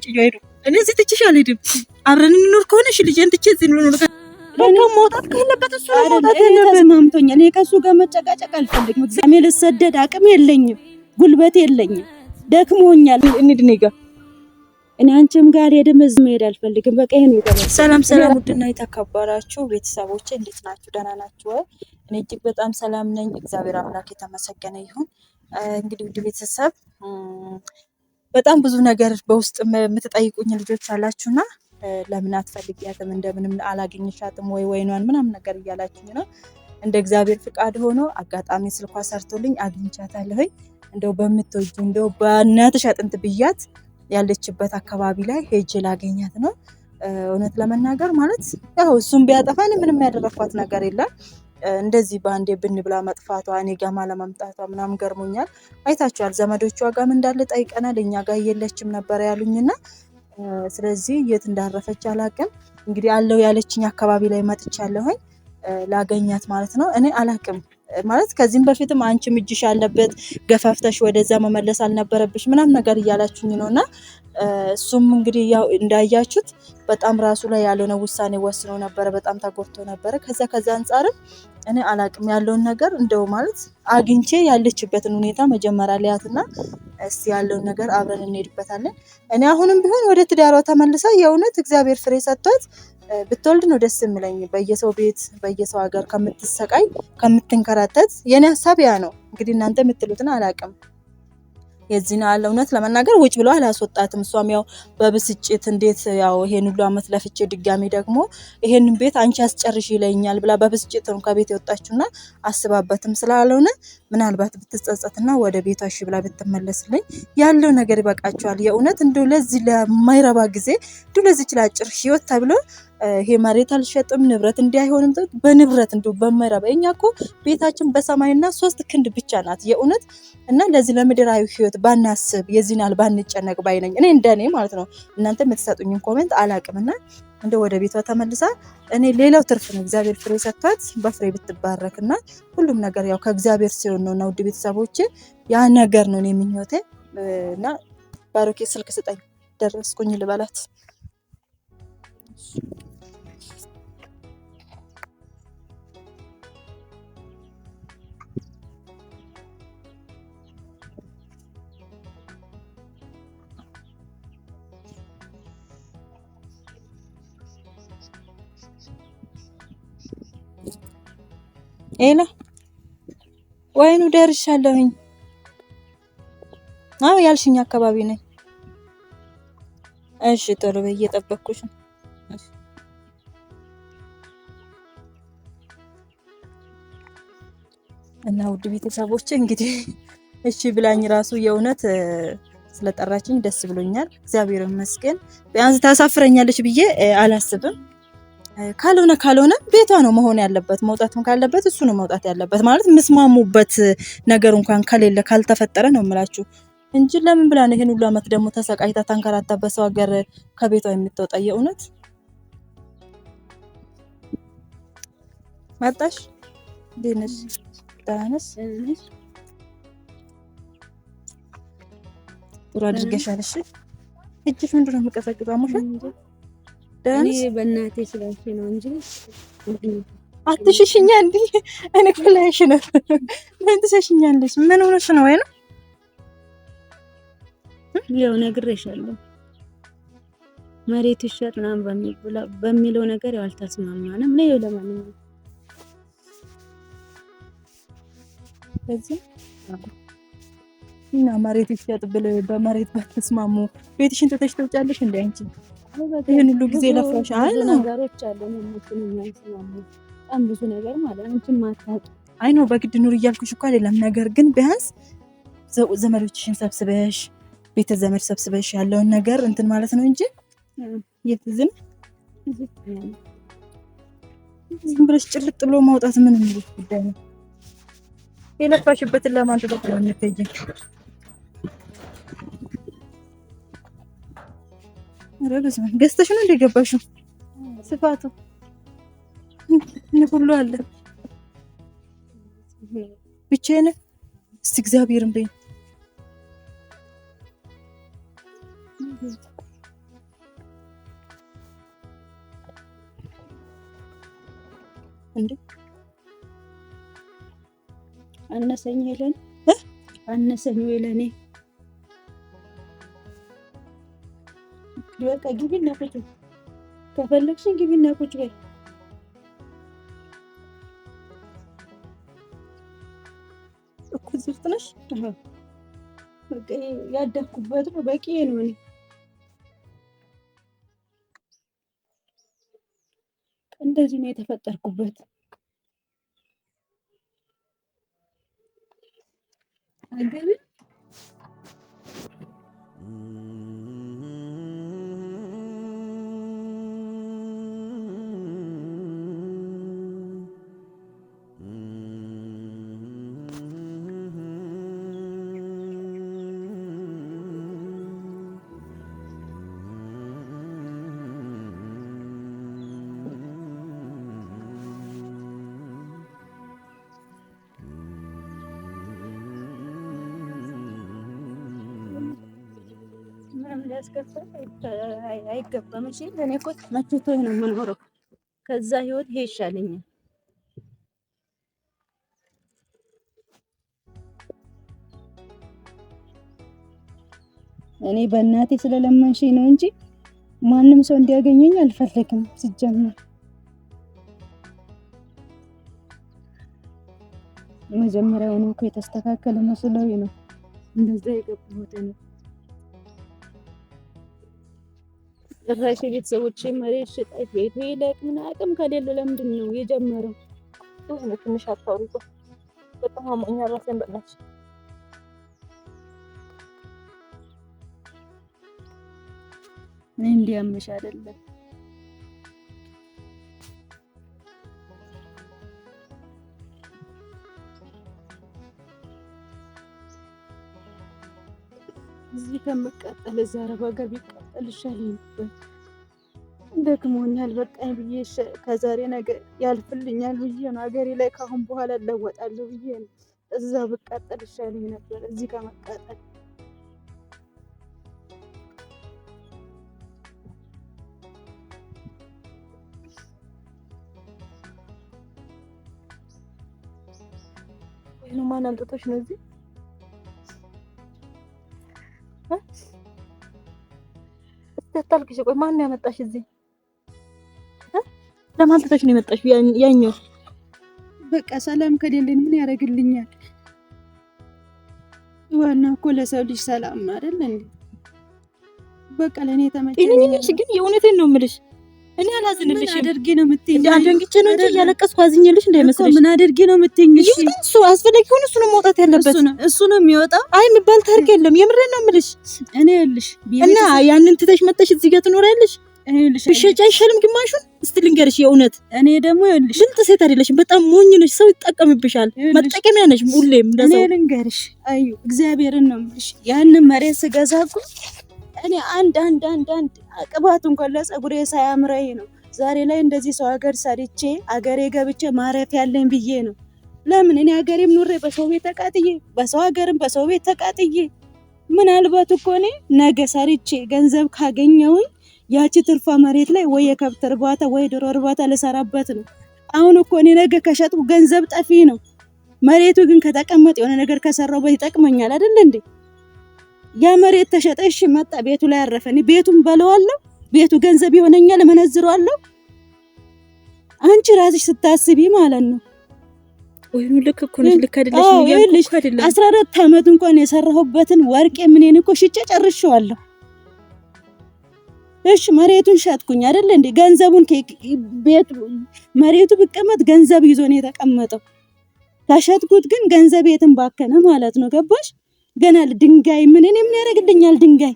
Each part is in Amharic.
አምጪ ይሄዱ እኔ እዚህ ትችሽ አልሄድም። አብረን እንኖር ከሆነ እሺ፣ ልጄን ትቼ እዚህ እንኖር ከሆነ መውጣት ካለበት እሱ መውጣት ተስማምቶኛል። እኔ ከእሱ ጋር መጨቃጨቅ አልፈልግም። እግዚአብሔር ልሰደድ አቅም የለኝም፣ ጉልበት የለኝም፣ ደክሞኛል። እንሂድ እኔ ጋር እኔ አንቺም ጋር ሄደን እዚህ መሄድ አልፈልግም። በቃ ይሄን ይገባል። ሰላም ሰላም፣ ውድና የተከበራችሁ ቤተሰቦቼ እንዴት ናችሁ? ደህና ናችሁ? እኔ እጅግ በጣም ሰላም ነኝ። እግዚአብሔር አምላክ የተመሰገነ ይሁን። እንግዲህ ውድ ቤተሰብ በጣም ብዙ ነገር በውስጥ የምትጠይቁኝ ልጆች አላችሁና ለምን አትፈልጊያትም እንደምንም አላገኘሻትም ወይ ወይኗን ምናምን ነገር እያላችሁኝ ነው። እንደ እግዚአብሔር ፍቃድ ሆኖ አጋጣሚ ስልኳ ሰርቶልኝ አግኝቻታለሁኝ። እንደው በምትወጁ እንደው በእናትሽ አጥንት ብያት ያለችበት አካባቢ ላይ ሄጄ ላገኛት ነው። እውነት ለመናገር ማለት ያው እሱም ቢያጠፋን ምንም ያደረኳት ነገር የለም። እንደዚህ በአንዴ ብንብላ መጥፋቷ እኔ ጋማ ለመምጣቷ ምናም ገርሞኛል። አይታችኋል። ዘመዶቿ ጋም እንዳለ ጠይቀናል። እኛ ጋር የለችም ነበር ያሉኝና ስለዚህ የት እንዳረፈች አላቅም። እንግዲህ አለው ያለችኝ አካባቢ ላይ መጥቻለሁኝ ላገኛት ማለት ነው። እኔ አላቅም ማለት ከዚህም በፊትም አንቺም እጅሽ ያለበት ገፋፍተሽ ወደዛ መመለስ አልነበረብሽ ምናም ነገር እያላችሁኝ ነው እና እሱም እንግዲህ ያው እንዳያችሁት በጣም ራሱ ላይ ያልሆነ ውሳኔ ወስኖ ነበረ። በጣም ተጎድቶ ነበረ። ከዛ ከዛ አንጻርም እኔ አላቅም ያለውን ነገር እንደው ማለት አግኝቼ ያለችበትን ሁኔታ መጀመሪያ ሊያትና እስቲ ያለውን ነገር አብረን እንሄድበታለን። እኔ አሁንም ቢሆን ወደ ትዳሯ ተመልሳ የእውነት እግዚአብሔር ፍሬ ሰጥቷት ብትወልድ ነው ደስ የሚለኝ። በየሰው ቤት በየሰው ሀገር ከምትሰቃይ ከምትንከራተት፣ የኔ ሀሳብ ያ ነው። እንግዲህ እናንተ የምትሉትን አላቅም። የዚህን ያህል እውነት ለመናገር ውጭ ብለው አላስወጣትም። እሷም ያው በብስጭት እንዴት ያው ይሄን ሁሉ አመት ለፍቼ ድጋሚ ደግሞ ይሄንን ቤት አንቺ አስጨርሽ ይለኛል ብላ በብስጭት ነው ከቤት የወጣችሁና አስባበትም ስላልሆነ ምናልባት ብትጸጸትና ወደ ቤቷ እሺ ብላ ብትመለስልኝ ያለው ነገር ይበቃቸዋል። የእውነት እንደው ለዚህ ለማይረባ ጊዜ እንደው ለዚች ለአጭር ህይወት ተብሎ ይሄ መሬት አልሸጥም ንብረት እንዲያይሆንም አይሆንም። በንብረት እንዲሁ በማይረባ እኛ እኮ ቤታችን በሰማይና ሶስት ክንድ ብቻ ናት የእውነት እና ለዚህ ለምድራዊ ህይወት ባናስብ የዚህን ያህል ባንጨነቅ ባይነኝ እኔ እንደኔ ማለት ነው። እናንተ የምትሰጡኝን ኮሜንት አላቅምና እንደ ወደ ቤቷ ተመልሳ እኔ ሌላው ትርፍ ነው። እግዚአብሔር ፍሬ ሰጥቷት በፍሬ ብትባረክ ብትባረክና ሁሉም ነገር ያው ከእግዚአብሔር ሲሆን ነው። እና ውድ ቤተሰቦች ያ ነገር ነው እኔ ምኞቴ። እና ባሮኬ ስልክ ስጠኝ ደረስኩኝ ልበላት ኤላ ወይኑ ደርሻለሁኝ። አዎ ያልሽኝ አካባቢ ነኝ። እሺ ጥሩ በይ፣ እየጠበኩሽ ነው። እና ውድ ቤተሰቦች እንግዲህ እሺ ብላኝ ራሱ የእውነት ስለጠራችኝ ደስ ብሎኛል። እግዚአብሔር ይመስገን። ቢያንስ ታሳፍረኛለች ብዬ አላስብም። ካልሆነ ካልሆነ ቤቷ ነው መሆን ያለበት። መውጣትም ካለበት እሱ ነው መውጣት ያለበት። ማለት የምስማሙበት ነገር እንኳን ከሌለ ካልተፈጠረ ነው የምላችሁ እንጂ ለምን ብላ ነው ይሄን ሁሉ ዓመት ደግሞ ተሰቃይታ ታንከራታ በሰው ሀገር ከቤቷ የምትወጣ? የእውነት መጣሽ ዴነሽ ዳነስ ጥሩ አድርገሻል። እሺ እጅሽ ምንድን ነው የምቀሰቅዛሙሽ? በእናቴ ስላልሽ ነው እንጂ አትሽሽኛ እንዲ እኔ እኮ ላይሽ ነው። ምን ትሸሽኛለሽ? ምን ሆነሽ ነው? ወይ ነው ያው ነግሬሻለሁ፣ መሬት ይሸጥ ምናምን በሚለው ነገር ያው አልተስማማንም። ለዩ ለማንኛውም እና መሬት ይሸጥ ብል በመሬት ባትስማሙ ቤትሽን ትተሽ ትውጫለሽ እንዴ አንቺ? ይህን ሁሉ ጊዜ ለፍራሽ አይ ነገሮች አለ በጣም ብዙ ነገር ማለት ነው። አይ ነው በግድ ኑር እያልኩሽ እኮ አይደለም። ነገር ግን ቢያንስ ዘመዶችሽን ሰብስበሽ ቤተ ዘመድ ሰብስበሽ ያለውን ነገር እንትን ማለት ነው እንጂ የትዝም ዝም ብለሽ ጭልጥ ብሎ ማውጣት ምን ጉዳይ ነው? የለፋሽበትን ለማን ትጠቅለሽ? ገዝተሽ ነው እንደገባሽው ስፋቱ ምን ሁሉ አለ። ብቻዬን እስቲ እግዚአብሔርን በይኝ። እንዴ አነሰኝ ሄለን አነሰኝ ሄለኔ በቃ ግቢና ቁጭ በይ። ከፈለግሽን ግቢና ቁጭ በይ። እኩል ዝርት ነሽ። ያደግኩበት ነው በቂ ነው እኔ እንደዚህ ነው የተፈጠርኩበት። አገኘ ሊያስከፍል አይገባም። እሺ እኔ እኮ ነው የምኖረው። ከዛ ህይወት ይሄ ይሻለኛል። እኔ በእናቴ ስለለመንሽኝ ነው እንጂ ማንም ሰው እንዲያገኘኝ አልፈልግም ሲጀመር መጀመሪያውኑ እኮ የተስተካከለ መስሎኝ ነው እንደዛ የገባሁት ነው። ጭራሽ የቤተሰቦች መሬት ሽጣት ቤት ይለቅ ምን አቅም ከሌለው ለምንድን ነው የጀመረው? ብዙ ትንሽ አታውሪቆ በጣም አማኛ ራሴን በላች። እንዲያምሽ አይደለም እዚህ ከምቀጠል እዛ አረብ ሀገር ቢቀ አልሻለኝበት ደክሞኛል በቃኝ ብዬ ከዛሬ ነገ ያልፍልኛል ብዬ ነው ሀገሬ ላይ ካሁን በኋላ እለወጣለሁ ብዬ ነው። እዛ ብቃጠል ይሻለኝ ነበር እዚህ ከመቃጠል ማን አምጥቶሽ ነው እዚህ? ያታልቅሽ። ቆይ ማን ያመጣሽ እዚህ? ለማን ትተሽ ነው የመጣሽ? ያኛው በቃ ሰላም ከሌለኝ ምን ያደርግልኛል? ዋና እኮ ለሰው ልጅ ሰላም አይደል እንዴ? በቃ ለእኔ ተመቸኝ። ግን የእውነቴን ነው የምልሽ እኔ ምን ነው የምትይኝ? ነው እንጂ እያለቀስኩ አዝኜልሽ እንዳይመስልሽ። ምን ነው የምትይኝ? እሱ አስፈላጊ ሆነ ያለበት እሱ ነው የሚወጣው። አይ የሚባል ታሪክ የለም። የምሬን ነው የምልሽ። እኔ ያልሽ እና ያንን ትተሽ መጥተሽ እዚህ ጋር ትኖሪያለሽ። ብሸጭ አይሻልም? ግማሹን እስቲ ልንገርሽ የእውነት እኔ ደግሞ ይኸውልሽ፣ ብልጥ ሴት አይደለሽም። በጣም ሞኝ ነሽ። ሰው ይጠቀምብሻል። መጠቀሚያ ነሽ። ሁሌም እኔ ልንገርሽ፣ አዩ እግዚአብሔርን ነው የምልሽ። ያንን መሬት ስገዛ እኮ እኔ አንድ አንድ አንድ አንድ ቅባት እንኳን ለፀጉሬ ሳያምረኝ ነው ዛሬ ላይ እንደዚህ ሰው ሀገር ሰርቼ አገሬ ገብቼ ማረፍ ያለኝ ብዬ ነው ለምን እኔ ሀገሬም ኑሬ በሰው ቤት ተቃጥዬ በሰው ሀገርም በሰው ቤት ተቃጥዬ ምናልባት እኮ እኔ ነገ ሰርቼ ገንዘብ ካገኘውኝ ያቺ ትርፋ መሬት ላይ ወይ የከብት እርባታ ወይ ዶሮ እርባታ ልሰራበት ነው። አሁን እኮ እኔ ነገ ከሸጥኩ ገንዘብ ጠፊ ነው። መሬቱ ግን ከተቀመጠ የሆነ ነገር ከሰራሁበት ይጠቅመኛል አይደል እንዴ? ያ መሬት ተሸጠ፣ እሺ መጣ፣ ቤቱ ላይ አረፈ። እኔ ቤቱን በለዋለሁ፣ ቤቱ ገንዘብ ይሆነኛል፣ እመነዝረዋለሁ። አንቺ ራስሽ ስታስቢ ማለት ነው። ወይኑ ልክ እኮ ነሽ፣ ልክ አይደለሽም አስራ አራት አመት እንኳን የሰራሁበትን ወርቄ ምኔን እኮ ሽጬ ጨርሼዋለሁ። እሺ መሬቱን ሸጥኩኝ አይደለ እንዴ? ገንዘቡን ቤት መሬቱ ብቀመጥ ገንዘብ ይዞ ነው የተቀመጠው። ከሸጥኩት ግን ገንዘብ የትን ባከነ ማለት ነው። ገባሽ? ገና ድንጋይ ምን እኔ ምን ያደርግልኛል ድንጋይ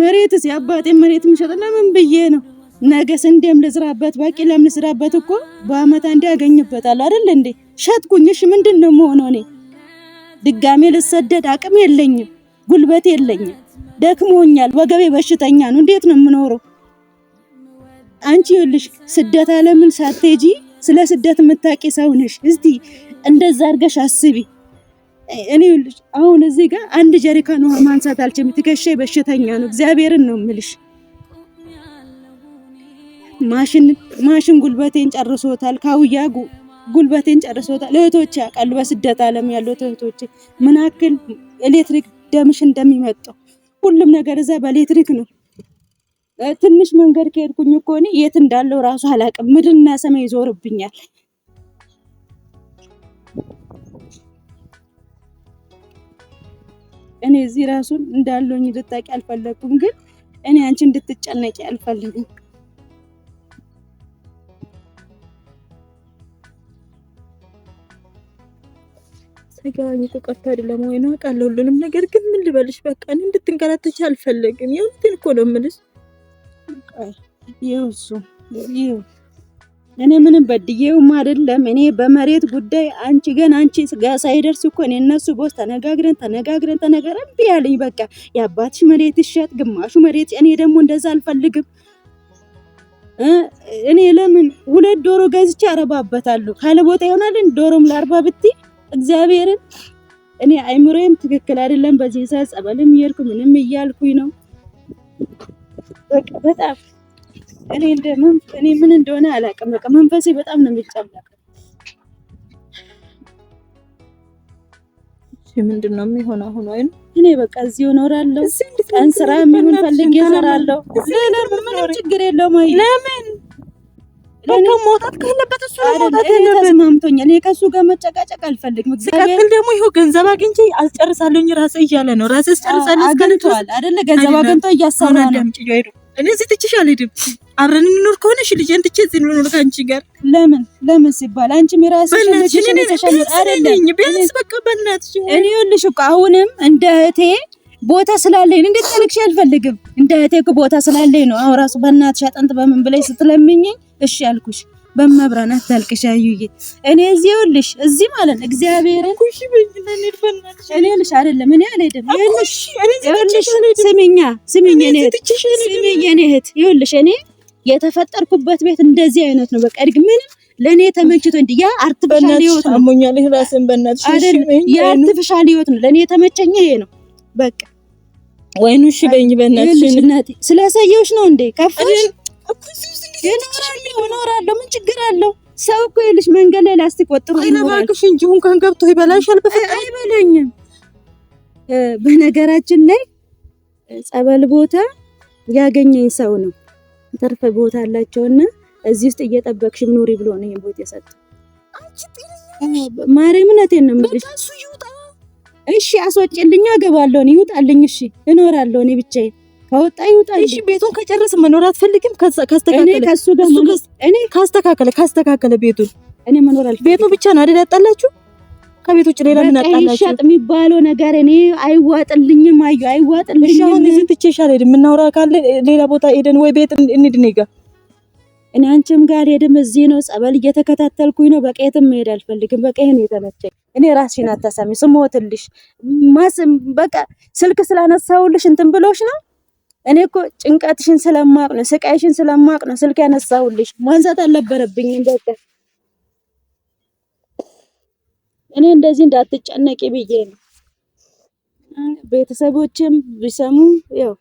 መሬትስ የአባቴ መሬት ምሸጥ ለምን ብዬ ነው ነገ ስንዴም ልዝራበት ባቄላም ልዝራበት እኮ በአመት አንዴ ያገኝበታል አይደል እንዴ? ሸጥኩኝ። እሺ ምንድን ነው የምሆነው? እኔ ድጋሜ ልሰደድ አቅም የለኝም፣ ጉልበት የለኝም፣ ደክሞኛል፣ ወገቤ በሽተኛ ነው። እንዴት ነው የምኖረው? አንቺ ይኸውልሽ ስደት አለምን ሳትሄጂ ስለ ስደት የምታውቂ ሰው ነሽ። እስቲ እንደዛ አድርገሽ አስቢ። እኔ ይኸውልሽ አሁን እዚህ ጋር አንድ ጀሪካን ውሃ ማንሳት አልችልም። ትከሻዬ በሽተኛ ነው። እግዚአብሔርን ነው የምልሽ። ማሽን ጉልበቴን ጨርሶታል። ካውያ ጉልበቴን ጨርሶታል። እህቶቼ ያውቃሉ፣ በስደት ዓለም ያሉት እህቶቼ ምን ያክል ኤሌክትሪክ ደምሽ እንደሚመጣው ሁሉም ነገር እዛ በኤሌክትሪክ ነው። ትንሽ መንገድ ከሄድኩኝ እኮ እኔ የት እንዳለው ራሱ አላውቅም። ምድርና ሰማይ ይዞርብኛል። እኔ እዚህ ራሱን እንዳለኝ ልታውቂ አልፈለግኩም፣ ግን እኔ አንቺ እንድትጨነቂ አልፈልግም። ሳይገባኝ እኮ ቀርቶ አይደለም ወይ ነው ቃል ሁሉንም ነገር ግን ምን ልበልሽ፣ በቃ እኔ እንድትንከራተች አልፈለግም። የእውነቴን እኮ ነው የምልሽ። ይኸው እሱ ይኸው እኔ ምንም በድዬውም አይደለም። እኔ በመሬት ጉዳይ አንቺ ገና አንቺ ጋር ሳይደርስ እኮ እኔ እነሱ ቦስ ተነጋግረን ተነጋግረን ተነጋግረን እምቢ አለኝ። በቃ የአባትሽ መሬት ይሸጥ፣ ግማሹ መሬት እኔ ደግሞ እንደዛ አልፈልግም። እኔ ለምን ሁለት ዶሮ ገዝቼ አረባበታለሁ? ካለ ቦታ ይሆናል ዶሮም ላርባ ብትይ እግዚአብሔርን እኔ አይምሮዬም ትክክል አይደለም። በዚህ ሰዓት ጸበልም እየሄድኩ ምንም እያልኩኝ ነው። በቃ በጣም እኔ እንደምን እኔ ምን እንደሆነ አላውቅም። በቃ መንፈሴ በጣም ነው የሚጨነቀው። ምንድን ነው የሚሆነው? አሁን ወይም እኔ በቃ እዚህ እኖራለሁ። ቀን ስራ የሚሆን ፈልጌ እሰራለሁ። ምንም ችግር የለውም። ለምን በቃ መውጣት ካለበት እሱ መውጣት ያለበት። ተስማምቶኛል። እኔ ከእሱ ጋር መጨቃጨቅ አልፈልግም። ሲቀጥል ደግሞ ይኸው ገንዘብ አግኝቼ አስጨርሳለሁኝ ራሴ እያለ ነው። ራሴ አስጨርሳለሁ አስገልቷል አይደለ? ገንዘብ አግኝቶ እያሰራ ነው። እኔ እዚህ ትችሽ አልሄድም። አብረን እንኖር ከሆነ እሺ፣ ልጄን ትቼ እዚህ ልኖር ከአንቺ ጋር ለምን ለምን ሲባል አንቺም የራስሽ አይደለም። ቢያንስ በቃ በእናትሽ እኔ ይኸውልሽ እኮ አሁንም እንደ እህቴ ቦታ ስላለኝ ነው። እንዴት ታልክሽ አልፈልግም። እንደ እህቴ እኮ ቦታ ስላለኝ ነው። አሁን ራሱ በእናትሽ አጠንት በምን ብለሽ ስትለምኝኝ እሺ ያልኩሽ በመብራናት ታልቅሽ አዩዬ፣ እኔ እዚህ ይኸውልሽ፣ እዚህ ማለት ነው እግዚአብሔርን እኔ ልሽ አይደለም እኔ አልሄድም። ይኸውልሽ ስሚኛ ስሚኝ እኔ ስሚኝ እኔ እህት ይኸውልሽ፣ እኔ የተፈጠርኩበት ቤት እንደዚህ አይነት ነው። በቃ እድግ ምንም ለእኔ ተመችቶ እንዲ ያ አርቲፊሻል ህይወት ነው። አሞኛል ራስን በእናትሽ አይደል? ያ አርቲፊሻል ህይወት ነው። ለእኔ የተመቸኝ ይሄ ነው በቃ። ወይኑ እሺ በይኝ በእናትሽ። ስለሳየሁሽ ነው እንዴ ከፋሽ? እኖራለሁ እኖራለሁ። ምን ችግር አለው? ሰው እኮ ይኸውልሽ መንገድ ላይ ላስቲክ ወጥሮ ይኖራልሽ እንጂ እንኳን ገብቶ ይበላሻል። በፍቅር አይበለኝም። በነገራችን ላይ ጸበል ቦታ ያገኘኝ ሰው ነው። ተርፈ ቦታ አላቸውና እዚህ ውስጥ እየጠበቅሽ ኑሪ ብሎ ነው ይሄን ቦታ የሰጠው። ማርያም እውነቴን ነው የምልሽ። እሺ አስወጪልኝ፣ አገባለሁ፣ ይውጣልኝ። እሺ እኖራለሁ እኔ ብቻዬን ከወጣ ይውጣ። እሺ ቤቱን ከጨረስ መኖር አትፈልግም? ካስተካከለ እኔ ከሱ ጋር እኔ ካስተካከለ ካስተካከለ ቤቱን እኔ መኖር አልፈልግም። ቤቱ ብቻ ነው አይደል ያጣላችሁ? ከቤት ውጭ ሌላ ምን አጣላችሁ? ይሸጥ የሚባለው ነገር እኔ አይዋጥልኝም። አዩ አይዋጥልኝም። እሺ አሁን እዚህ ትቼሽ አልሄድም። የምናወራ ካለ ሌላ ቦታ ሄደን ወይ ቤት እንሂድ እኔ ጋር እኔ አንቺም ጋር ሄደም እዚህ ነው ጸበል እየተከታተልኩኝ ነው። በቃ የትም መሄድ አልፈልግም። በቃ ይሄን የተመቸኝ እኔ ራስሽን አታሳሚ ስሞትልሽ ማስ በቃ ስልክ ስላነሳውልሽ እንትን ብሎሽ ነው እኔ እኮ ጭንቀትሽን ስለማቅ ነው፣ ስቃይሽን ስለማቅ ነው ስልክ ያነሳሁልሽ። ማንሳት አልነበረብኝም። በቃ እኔ እንደዚህ እንዳትጨነቂ ብዬ ነው። ቤተሰቦችም ቢሰሙ ያው